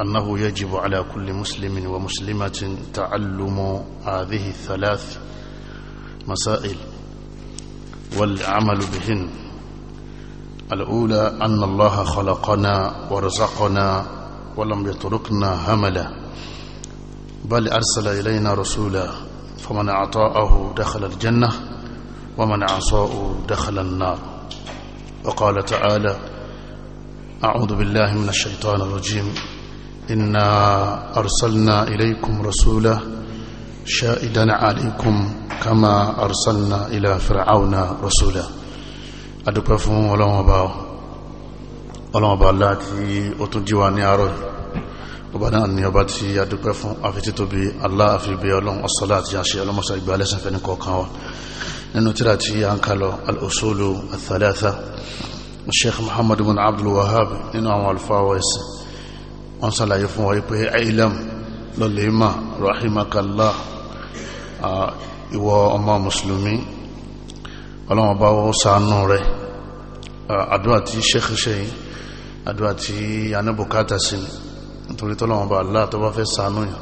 أنه يجب على كل مسلم ومسلمة تعلم هذه الثلاث مسائل والعمل بهن الأولى أن الله خلقنا ورزقنا ولم يتركنا هملا بل أرسل إلينا رسولا فمن أعطاءه دخل الجنة ومن عصاه دخل النار وقال تعالى أعوذ بالله من الشيطان الرجيم إنا أرسلنا إليكم رسولا شاهدا عليكم كما أرسلنا إلى فرعون رسولا أدوك فهم ولهم باو ولهم باو التي أتنجواني أروي ọba náà ni ọba tí a dúpẹ́ fún àfití tó bí aláàfibẹ́ ọlọ́run ọ̀sọ́lá àti àṣẹ ọlọ́mọsá ìgbà alẹ́sẹ̀fẹ́ ní kọ̀ọ̀kan wa nínú tíra tí a ń kalọ̀ al-usulu al-thalatha sheikh muhammadu bin abdul wahhab nínú àwọn alfáwọ̀ ẹ̀sìn wọ́n sàlàyé fún wa pé ailam lọ́lẹ̀ ma rahimakalla ìwọ ọmọ musulmi ọlọ́wọ́n bá wọ́n sàánú rẹ̀ àdúrà tí ṣẹ́kẹ́ṣẹ́ yìí àdúrà tí anábùkátà sí nítorí tọ́lọ́wọ́n bá aláà tó bá fẹ́ sàánú yàn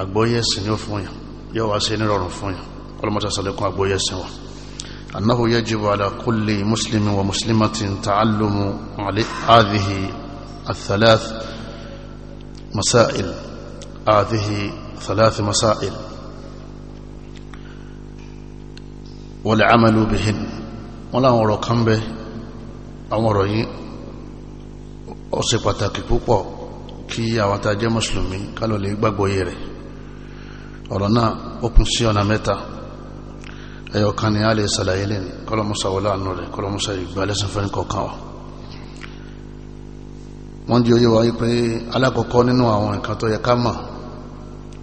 àgbóyẹ̀sìn ní ó fún yàn yóò wá sí nírọ̀rùn fún yàn ọlọ́mọta sàlẹ̀kún àgbóyẹ̀sìn wa annahu yajibu ala kulli muslimin wa muslimatin ta'allumu hadhihi athalath مسائل هذه ثلاث مسائل والعمل بهن ولا ọ̀rọ̀ kan به àwọn ọ̀rọ̀ yìí ó ṣe pàtàkì púpọ̀ kí àwọn tá jẹ́ mùsùlùmí ká lọ lè gbàgbọ́ yé rẹ̀ ọ̀rọ̀ náà ó kún sí ọ̀nà mẹ́ta ẹyọ kan ni a lè ṣàlàyé lẹ́nu kọlọmọsà wọlé àánú rẹ̀ kọlọmọsà ìgbàlẹ́sìn fẹ́ kọ̀ọ̀kan wa wọ́n jí oyé wa wípé alákọ̀ọ́kọ́ nínú àwọn nǹkan tó yẹ ká mọ̀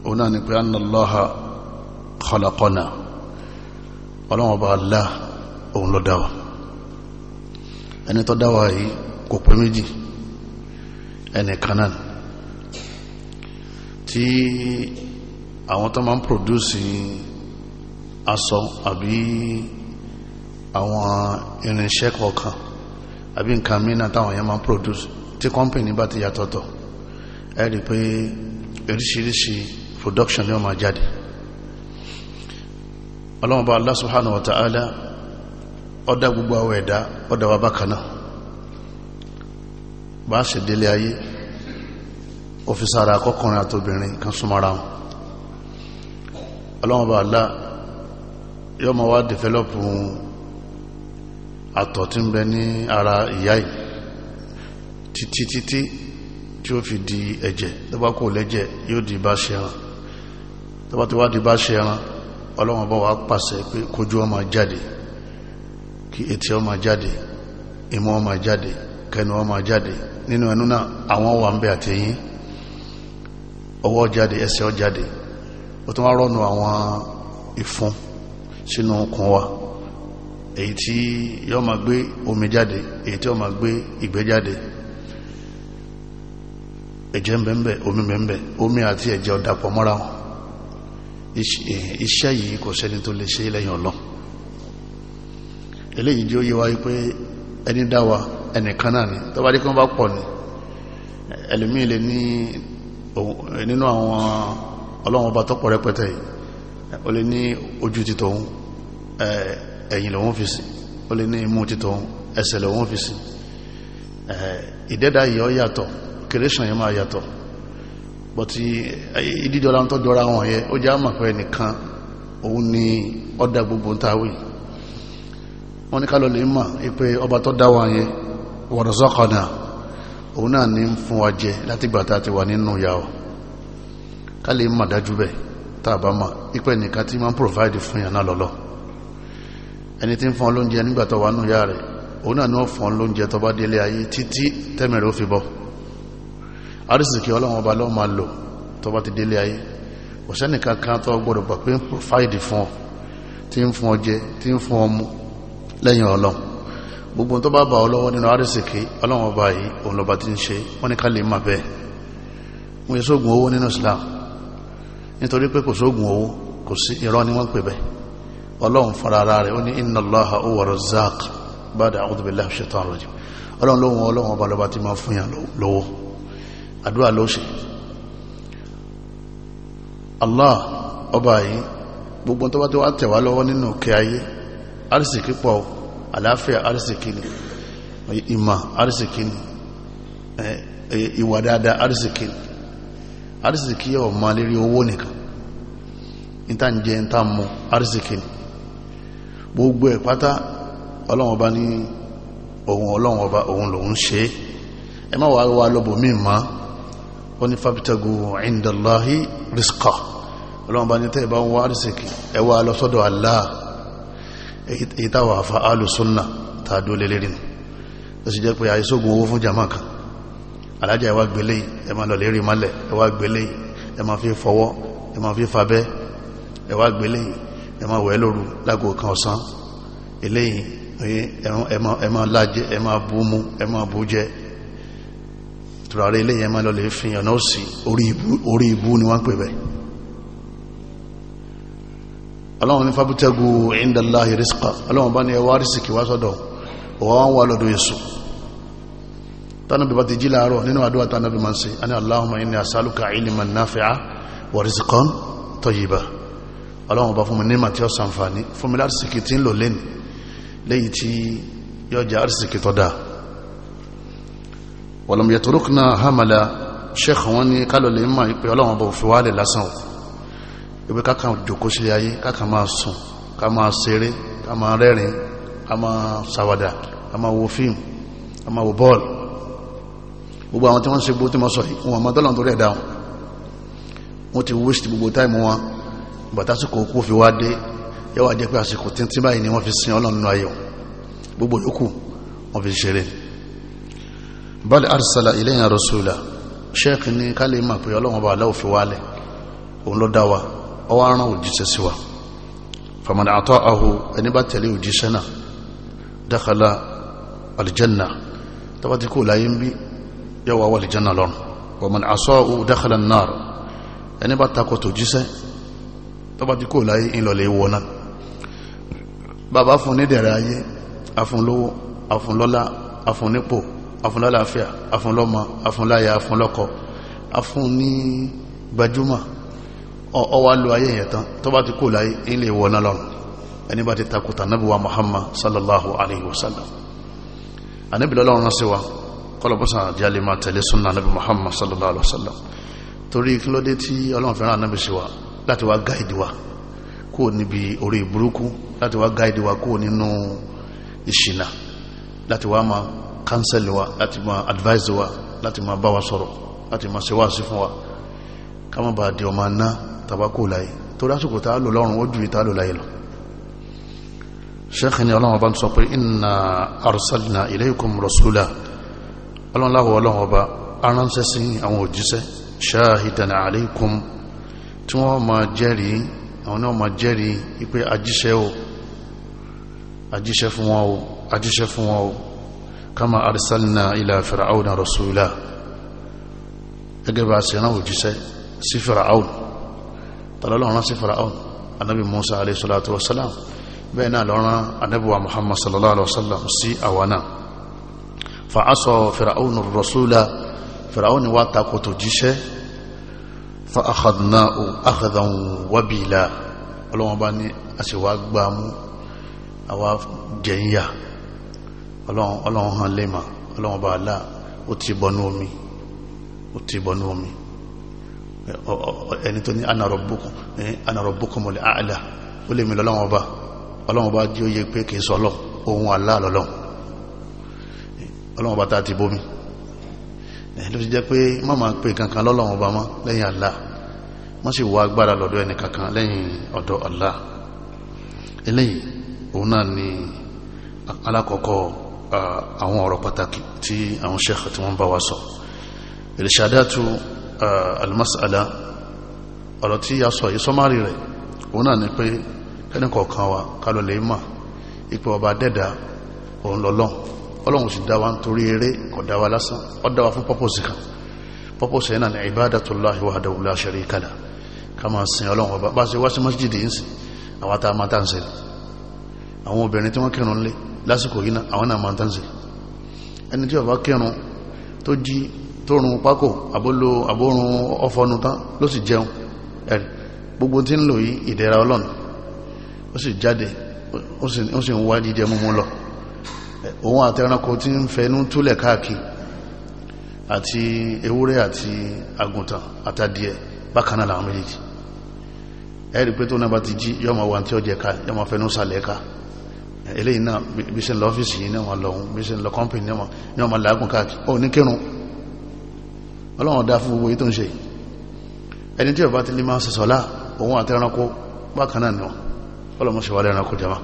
òun náà ni pé annallaha khalaqana ọlọ́wọ́n bá lá òun ló dáwà ẹni tó dáwà yìí kò pé méjì ẹni kanáà tí àwọn tó máa ń pòdúsì aṣọ àbí àwọn irinṣẹ́ kọ̀ọ̀kan àbí nǹkan mìíràn táwọn yẹn máa ń pòdúsì tí kọ́mpìnì bá ti yàtọ̀tọ̀ ẹ pé oríṣiríṣi production ni ó máa jáde ọlọ́run bá Allah subhanahu wa ta'ala ọdá gbogbo àwọn ẹ̀dá ọdá wa bákan náà bá ṣe délé ayé òfìsára akọ́kùnrin àtòbìnrin kan súnmọ́ra wọn ọlọ́run bá Allah yọ́ ma wá dẹ̀fẹ́lọ́pù àtọ̀ tí ń bẹ ní ara ìyá yìí títí títí tí ó fi di ẹ̀jẹ̀ tó bá kò lẹ́jẹ̀ yóò di bá ṣe ẹran tó bá ti wá di bá ṣe ẹran ọlọ́wọ́n bá wá pàṣẹ pé kójú ọmọ jáde kí etí ọmọ jáde imú ọmọ jáde kẹnu ọmọ jáde nínú ẹnu náà àwọn wà ń bẹ àtẹ̀yìn ọwọ́ jáde ẹsẹ̀ jáde ó tún wá rọ́nu àwọn ìfun sínú okùn wa èyí tí yó máa gbé omi jáde èyí tí yó máa gbé ìgbẹ́ jáde ẹ̀jẹ̀ bẹ́ẹ̀ omi bẹ́ẹ̀ omi àti ẹ̀jẹ̀ ọ̀dàpọ̀ mọ́ra wọn eh, iṣẹ́ yìí kò sẹ́ni tó lè ṣe lẹ́yìn ọlọ́ eléyìí jí ó yé wáyé pé ẹni dáwà ẹnìkan náà ni tó bá dé kí wọ́n bá pọ̀ ni ẹlòmíì lè ní nínú àwọn ọlọ́wọ́n ọba tọ́pọ̀ rẹpẹtẹ yìí ó lè ní ojú ti tòun ẹ̀yìn lòun fi sí ó lè ní imú ti tòun ẹsẹ̀ lòun fi sí ìdẹ́dà yìí ó yàtọ̀ creation yẹn máa yàtọ̀ but eh, ìdídọ́lá ń tọ́jọ́ ra wọn yẹ ó jẹ́ àmà nìkan òun ni ọ̀dà gbogbo ń táwì wọ́n ní kálọ̀ lè mà pé ọba tó dá wọn yẹ wọ̀rọ̀sọ́kọ̀nà òun náà ní fún wa jẹ láti gbà tá a ti wà nínú ìyá ọ ká lè mà dájú bẹ́ẹ̀ tá a bá mà ipẹ́ nìkan tí máa ń provide fún yàn náà lọ́lọ́ ẹni tí ń fún ọ lóúnjẹ nígbà tó wà nínú ìyá rẹ̀ òun náà ní wọ́n fún ọ lóúnjẹ tó bá délé ayé títí tẹ́mẹ̀rẹ̀ ó fi bọ́ arísìkí ọlọ́run ọba lọ́ máa lò tó bá ti délé ayé ọ̀sẹ́nì kankan tó gbọ́dọ̀ gbà pé ń fáìdì fún ọ tí ń fún ọ jẹ tí ń fún ọ mu lẹ́yìn ọlọ́run gbogbo tó bá bá ọ lọ́wọ́ nínú arísìkí ọlọ́run ọba yìí òun lọ́ba ti ń ṣe wọ́n ní ká lè má bẹ́ẹ̀ wọ́n yẹ sóògùn owó nínú Islam nítorí pé kò sóògùn owó kò sí irọ́ ni wọ́n pè bẹ́ẹ̀ ọlọ́run fara ara rẹ̀ ó ní inna Allaha huwa razzaq ba'da a'udhu billahi minash shaitanir rajim ọlọ́run lóhun ọlọ́run ọba lọ́ba ti máa fún yàn lówó àdúrà ló ṣe Allah ọba yìí gbogbo tó bá tó wá tẹ̀wá lọ́wọ́ nínú kẹ ayé arísìkí pọ̀ àláfíà arísìkí ni ìmà arísìkí ni ìwà yọ ma lérí owó nìkan níta ń jẹ níta mọ gbogbo ẹ̀ pátá ọlọ́wọ́n ní ohun ọlọ́wọ́n lòun ṣe ẹ má ó ní fábítàgù ìndàláhì rìsíkà ọlọ́run bá ní tẹ́ ìbá ń wá rìsíkì ẹ wá lọ sọ́dọ̀ Allah èyí táwà fa alùsùnà tàdó lélẹ́rì nù ó sì jẹ́ pé àìsógun owó fún jama kan alájà ẹwà gbélé ẹ lọ lérí malẹ̀ ẹwà gbélé ẹ fi fọwọ́ ẹ fi fabẹ́ ẹwà gbélé ẹ wẹ̀ lóru lágò kan ọ̀sán eléyìí ẹ lájẹ ẹ máa bú mu tùràrí ilé yẹn máa lọ lè fi ọ̀nà òsì orí ibú ni wọ́n pè bẹ́ẹ̀ ọlọ́run ní fábútẹ́gù indallahi rizqa ọlọ́run bá ní ẹwà rísìkì wá sọ́dọ̀ ọwọ́ wọn wà lọ́dọ̀ èso tánàbí bá ti jí láàárọ̀ nínú àdúrà tánàbí máa ń ṣe a ní Allahumma inni as'aluka ilman nafi'a wa rizqan tayyiba ọlọ́run bá fún mi nímà tí ó sàǹfààní fún mi lárísìkì tí walam yatrukna hamala sheikh wọn ní kálọ̀ lè máa ìpè ọlọ́wọ́n bọ̀ fi wálẹ̀ lásán ìwé káka jòkó sí ayé káka máa sùn ká máa ṣeré ká máa rẹ́rìn ká máa ṣàwàdà ká máa wo fíìmù ká máa wo bọ́ọ̀lù gbogbo àwọn tí wọ́n ń ṣe gbogbo tí wọ́n sọ yìí wọn àmọ́ tọ́lọ̀ bal arsala ilayna rasula sheikh ní kálí mà pé ọlọ́run ọba aláwọ̀ fi wálẹ̀ òun ló dá wa ọwọ́ aràn òjíṣẹ́ sí wa faman ata'ahu ẹni bá tẹ̀lé òjíṣẹ́ náà dakhala aljanna tọ́ba ti kú láyé ń bí yọ wá wà aljanna lọ́rùn waman asa'u dakhala an-nar ẹni bá takọ̀ tòjíṣẹ́ tọ́ba ti kú láyé ńlọlẹ̀ ìwọ náà bàbá fún ní dẹ̀rẹ̀ ayé afúnlówó afúnlọ́lá afúnnípò afúnlálàáfíà afúnlọ́mọ afúnláyà afúnlọ́kọ afún ní gbajúmọ̀ ọwá lo ayé yẹn tán tó bá ti kó láyé ilé ìwọ̀ná lọ́rùn ẹni bá ti takuta nábíwá Muhammad sallallahu alayhi wa sallam anábì lọ́lọ́run sí wa kọlọ̀bọ́sà jálẹ̀ máa tẹ̀lé súnà Muhammad sallallahu sallam torí kí ló dé tí ọlọ́run fẹ́ràn wa láti wá gáìdì wa kúrò níbi orí burúkú láti wá gáìdì wa kúrò nínú ìṣìnà láti wá kánsẹ̀lì wa láti máa advise wa láti máa bá wa sọ̀rọ̀ láti máa ṣe wá sí fún wa ká má bàa di ọmọ aná tabakó láyé torí àsìkò tá a lò lọ́rùn ó ju ìta lò láyé lọ sheikh ni ọlọ́run ọba ń sọ pé inna arsalna ilaykum rasula ọlọ́run láwọ̀ ajíṣẹ́ fún wọn o kama arsalna ila fir'auna rasula gẹ́gẹ́ bá ṣe rán òjíṣẹ́ sí fir'aun tàlọ́lọ́ rán sí fir'aun anábi musa alayhi salatu wasalam bẹ́ẹ̀ náà lọ rán anábíwa muhammad sallallahu alaihi wasallam sí àwọnà fa'asọ fir'aun rasula fir'aun wa takoto jíṣẹ́ fa'akhadna'u akhadhan wabila ọlọ́wọ́n bá ní àṣewà gbámú àwa jẹ̀yìn ọlọ́run hàn lẹ́mà ọlọ́run bá aláà ó ti bọnú omi ó ti bọnú omi ẹni tó ní anàrọ̀bùkún mọ̀lẹ̀ àlà ó lè mi lọ́lọ́run ọba ọlọ́run bá jí ó yẹ pé kìí sọ ọlọ́run ohun aláà lọ́lọ́run ọlọ́run bá tá ti bómi ló ti jẹ́ pé má máa pe kankan lọ́lọ́run ọba mọ́ lẹ́yìn Allah wọ́n sì wá agbára lọ́dọ̀ ẹni kankan lẹ́yìn ọ̀dọ̀ Allah eléyìí òun náà ni alákọ̀ọ́kọ́ àwọn ọ̀rọ̀ pàtàkì tí àwọn sheikh tí wọ́n bá wa sọ ìrìṣàdátù almasala ọ̀rọ̀ tí a sọ yìí sọmárì rẹ̀ òun náà ni pé ẹnìkọ̀ọ̀kan wa kálọ̀ lè mà ipò ọba dẹ́dà òun lọ́lọ́n ọlọ́run sì dá wa nítorí eré kò dá lásán ó dá fún pọ́pọ̀sì kan pọ́pọ̀sì yẹn náà ni ibadatullahi wahdahu la sharika ká máa sin ọlọ́run ọba bá ṣe wá sí masjid ń sìn àwọn tá a ń sẹ́yìn àwọn obìnrin tí wọ́n kírun lé lásìkò yìí náà àwọn náà máa tán sí ẹni tí ọba kírun tó jí tó rún pákò àbólò àbórun ọfọnu tán ló sì jẹun ẹ̀rì gbogbo tí ń lò yí ìdẹ̀ra ọlọ́run ó sì jáde ó sì ń wá jíjẹ múmú lọ òun àti ẹranko tí ń fẹnú túlẹ̀ káàkiri àti ewúrẹ́ àti àgùntàn àtàdìẹ bákan làwọn méjèèjì ẹ̀rì pé tó náà bá ti jí yọ́ máa wà ní tí ká yọ́ máa fẹnú sàlẹ̀ ká eléyìí náà bí ṣe ń lọ ọ́fíìsì yìí náà wọn lọ́hún bí ṣe ń lọ kọ́mpìnì náà ní ọmọ làágùn káàkiri ó ní kírun ọlọ́run dá fún gbogbo yìí tó ń ṣe ẹni tí ọba ti ní máa ń sọ̀sọ̀lá òun àti ẹranko bákan náà ni wọn ọlọ́mọ ṣe wà ẹranko jama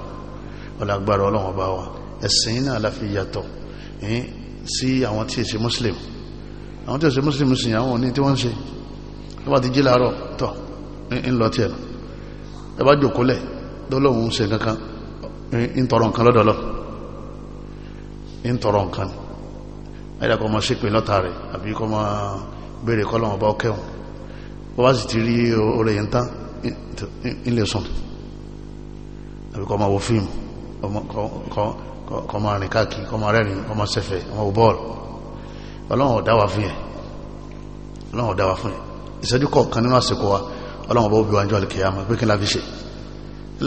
ọlágbára ọlọ́run ọba wa ẹ̀sìn náà muslim àwọn tí èsì muslim sì àwọn òní tí wọ́n ń ṣe tó bá ti jí láàárọ̀ tọ̀ ń ń tọrọ nǹkan lọ́dọ̀ọ́lọ́ ń tọrọ nǹkan ayídàkọ́ ọmọ ṣépè lọ́ta rẹ̀ àbí kọ́ ma béèrè kọ́ lọ́wọ́ bá ọkẹ́hùn ó bá sì ti rí oore yẹn tán ilé sùn àbí kọ́ ma wo fíìmù kọ́ ma rìn káàkiri kọ́ ma rẹ́rìn kọ́ ma sẹ́fẹ̀ kọ́ wo bọ́ọ̀lù ọlọ́run ò dá fún yẹn ọlọ́run ò dá fún yẹn ìṣẹ́jú kọ̀ọ̀kan nínú àsìkò wa ọlọ́run bá ó bí wa jọ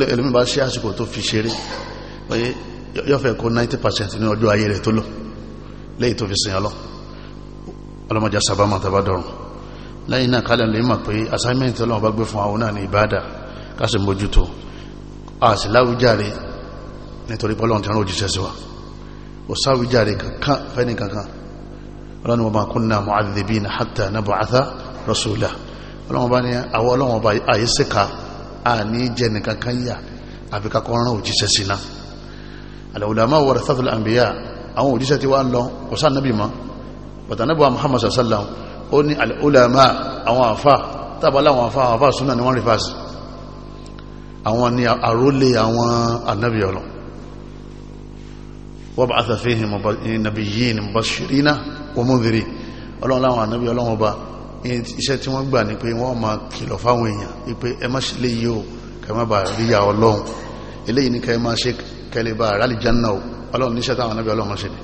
ẹlòmí bá ṣe àsìkò tó fi ṣeré oye yọ́fẹ́ kó 90% ní ọjọ́ ayé rẹ̀ tó lọ lẹ́yìn tó fi sin ọlọ́ ọlọ́mọdé sábàmọ́ tàbá dọ̀rùn lẹ́yìn náà kálẹ̀ lè mọ̀ pé assignment ọlọ́mọba gbé fún àwọn náà ní ìbáàdà kásì mójútó àti láwùjáre nítorí pọ́lọ́n tí wọ́n òjíṣẹ́ sí wa ò sáwùjáre kankan fẹ́ni kankan ọlọ́ni wọn bá kún náà mu'adhibina hatta nab'atha rasula ọlọ́mọba ni àwọn ọlọ́mọba àyíṣẹ́ka àní jẹ́ nìkan kan yà àfi kakọ́ rán òjíṣẹ́ síná al-ulama warathatul anbiya àwọn òjíṣẹ́ ti wá lọ kò sáà nábì mọ́ bàtà nábì wa Muhammad sallallahu ó ní al-ulama àwọn àfà tábàlá àwọn àfà àwọn àfà súnà ni wọ́n rí fásitì àwọn ni àrólé àwọn ànábì ọlọ́run wab'atha fihim nabiyyin mubashirina wa mundhirin ọlọ́run láwọn ànábì ọlọ́run ọba iṣẹ́ tí wọ́n gbà ní pé wọ́n máa kìlọ̀ fáwọn èèyàn wípé ẹ má ṣe léyìí o kẹmọ́ bá ríyà ọlọ́run eléyìí ní kẹ máa ṣe kẹlẹ̀ bá rálì jẹ́nà o ọlọ́run níṣẹ́ táwọn anábì ọlọ́run ṣe ni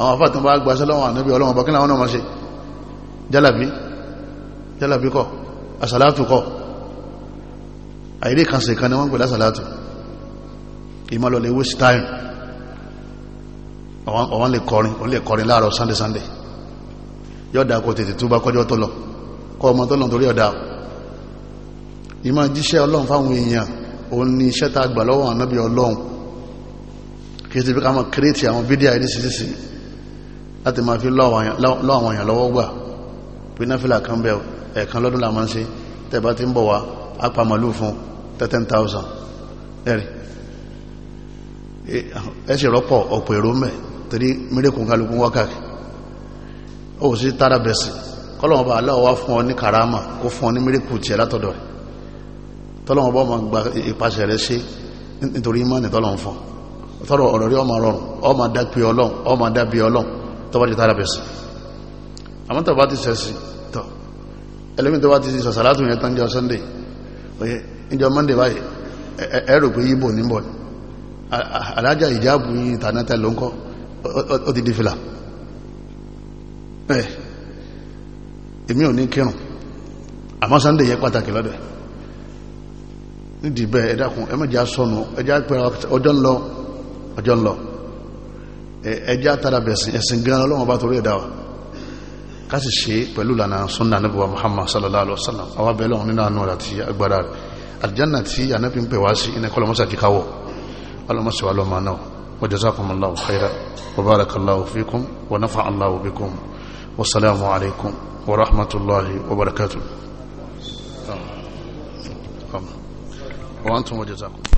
àwọn afá tó bá gbaṣẹ́ lọ́wọ́ anábì ọlọ́run bá kí làwọn náà máa ṣe jálàbí jálàbí kọ àsàlátù kọ àìrí kan sì kan ni wọ́n pè lásàlátù ìmọ̀lọ́lẹ̀ waste time ọ̀wọ́n lè kọrin láàárọ̀ sunday sunday yóò dáa kó tètè túbá kọjọ́ tó lọ ọ̀pọ̀ ọmọ tọ́lọ̀ torí ọ̀dá ìmọ̀ jíṣẹ́ ọlọ́run fáwọn èèyàn òun ni iṣẹ́ tá gbà lọ́wọ́ ànábì ọlọ́run kí ti fi ká mọ̀ kírétì àwọn fídíà ẹni sísìsì láti máa fi lọ́ àwọn èèyàn lọ́wọ́ gbà pé náfìlà kan bẹ̀ ẹ̀ẹ̀kan lọ́dún la máa ń ṣe tẹ̀bá ti ń bọ̀ wá apá màlúù fún ten thousand ẹ̀rì ẹ̀ṣẹ̀ rọ́pọ̀ ọ̀pọ̀ èrò mẹ́ torí mílẹ̀kùn kálukú wákàkì ó sì tára bẹ̀sìn kọ́lọ̀wọ́n bá aláwọ̀ wá fún ọ ní karama kó fún ọ ní mírìkù tí ẹ látọ̀dọ̀ rẹ̀ tọ́lọ̀wọ́n bá ma gba ìpasẹ̀ rẹ̀ ṣe nítorí ìmánì tọ́lọ̀wọ́n fún tọ́rọ̀ ọ̀rọ̀ rí ọmọ rọrùn ọmọ dápí ọlọ́run ọmọ dábí ọlọ́run tọ́bá ti tára bẹ̀sì àmọ́ tọ́bá ti sẹ̀sì tọ́ ẹlẹ́mí tọ́bá ti sọ sàlátù yẹn tán jọ sunday oye monday báyìí ẹ̀rù pé yíbò níbọ̀ alájà ìjáàbù yìí tànátẹ́ ló èmi ò ní kírun àmọ́ sunday yẹ pàtàkì lọ́dẹ̀ nídìí bẹ́ẹ̀ ẹ dákun ẹ mọ̀já sọnù ẹjá pẹ̀lú ọjọ́ ń lọ ọjọ́ ń lọ ẹjá tara bẹ̀sìn ẹ̀sìn gan ọlọ́wọ́n bá torí ẹ̀dá wa ká sì ṣe pẹ̀lú lànà sunna níbi wa muhammad sallallahu alaihi wa sallam àwa bẹ́ẹ̀ lọ́wọ́n nínú àánú àti agbára rẹ̀ aljanna tí anabi ń wa jazakumullahu khairan ورحمة الله وبركاته وأنتم وجزاكم